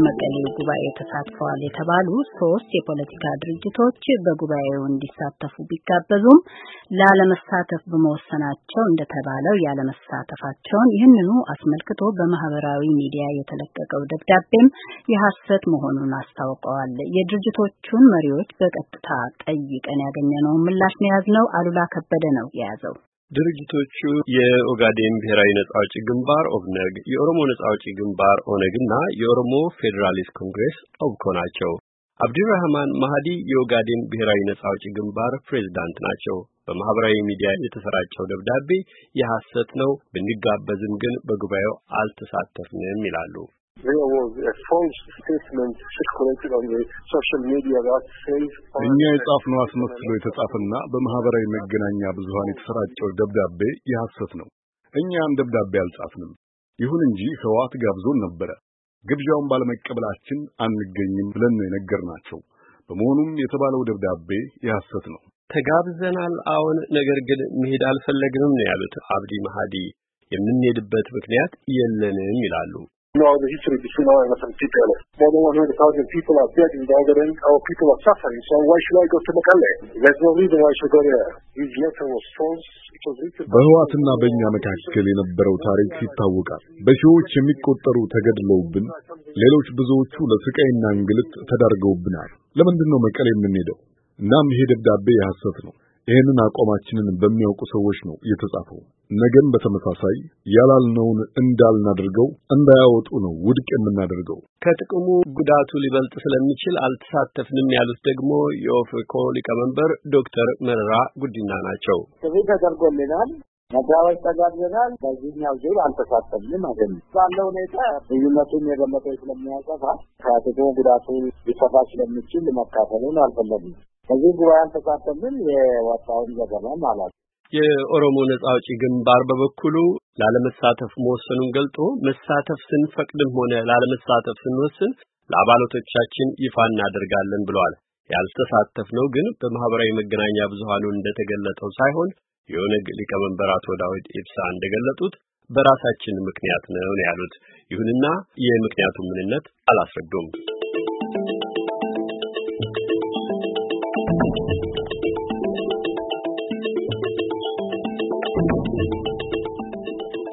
በመቀሌ ጉባኤ ተሳትፈዋል የተባሉ ሶስት የፖለቲካ ድርጅቶች በጉባኤው እንዲሳተፉ ቢጋበዙም ላለመሳተፍ በመወሰናቸው እንደተባለው ያለመሳተፋቸውን ይህንኑ አስመልክቶ በማህበራዊ ሚዲያ የተለቀቀው ደብዳቤም የሐሰት መሆኑን አስታውቀዋል። የድርጅቶቹን መሪዎች በቀጥታ ጠይቀን ያገኘነውን ምላሽ ነው የያዝነው። አሉላ ከበደ ነው የያዘው። ድርጅቶቹ የኦጋዴን ብሔራዊ ነጻ አውጪ ግንባር ኦብነግ፣ የኦሮሞ ነጻ አውጪ ግንባር ኦነግና የኦሮሞ ፌዴራሊስት ኮንግሬስ ኦብኮ ናቸው። አብዲራህማን ማህዲ የኦጋዴን ብሔራዊ ነጻ አውጪ ግንባር ፕሬዝዳንት ናቸው። በማህበራዊ ሚዲያ የተሰራጨው ደብዳቤ የሐሰት ነው፣ ብንጋበዝም ግን በጉባኤው አልተሳተፍንም ይላሉ። እኛ የጻፍነው አስመስሎ የተጻፈና በማህበራዊ መገናኛ ብዙሃን የተሰራጨው ደብዳቤ የሐሰት ነው። እኛ ያን ደብዳቤ አልጻፍንም። ይሁን እንጂ ህወሓት ጋብዞን ነበረ። ግብዣውን ባለመቀበላችን አንገኝም ብለን ነው የነገርናቸው። በመሆኑም የተባለው ደብዳቤ የሐሰት ነው። ተጋብዘናል፣ አሁን ነገር ግን መሄድ አልፈለግንም ነው ያሉት አብዲ መሃዲ። የምንሄድበት ምክንያት የለንም ይላሉ። You know, the history between our and people. More than 100,000 people are dead in Bulgaria. Our people are suffering. So why should I go to Mekelle? There's no reason why I should go there. His letter was false. በህዋትና በእኛ መካከል የነበረው ታሪክ ይታወቃል። በሺዎች የሚቆጠሩ ተገድለውብን፣ ሌሎች ብዙዎቹ ለስቃይና እንግልት ተዳርገውብናል። ለምንድን ነው መቀሌ የምንሄደው? እናም ይሄ ደብዳቤ የሐሰት ነው። ይህንን አቋማችንን በሚያውቁ ሰዎች ነው የተጻፈው። ነገም በተመሳሳይ ያላልነውን እንዳልናደርገው እንዳያወጡ ነው ውድቅ የምናደርገው። ከጥቅሙ ጉዳቱ ሊበልጥ ስለሚችል አልተሳተፍንም ያሉት ደግሞ የኦፌኮ ሊቀመንበር ዶክተር መረራ ጉዲና ናቸው። ጥሪ ተደርጎልናል፣ መድራዎች ተጋብዘናል። በዚህኛው ዙር አልተሳተፍንም ማለት ባለ ሁኔታ ልዩነቱን የገመጠ ስለሚያጠፋ ከጥቅሙ ጉዳቱ ሊሰፋ ስለሚችል መካፈሉን አልፈለግም። ከዚህ ጉባኤ አልተሳተፍንም። የወጣውን ዘገባም አላውቅም። የኦሮሞ ነጻ አውጪ ግንባር በበኩሉ ላለመሳተፍ መወሰኑን ገልጦ መሳተፍ ስንፈቅድም ሆነ ላለመሳተፍ ስንወስን ለአባላቶቻችን ይፋ እናደርጋለን ብለዋል። ነው ግን በማህበራዊ መገናኛ ብዙሃኑ እንደተገለጠው ሳይሆን የኦነግ ሊቀመንበር አቶ ዳዊት ኢብሳ እንደገለጡት በራሳችን ምክንያት ነው ያሉት። ይሁንና የምክንያቱን ምንነት አላስረዱም።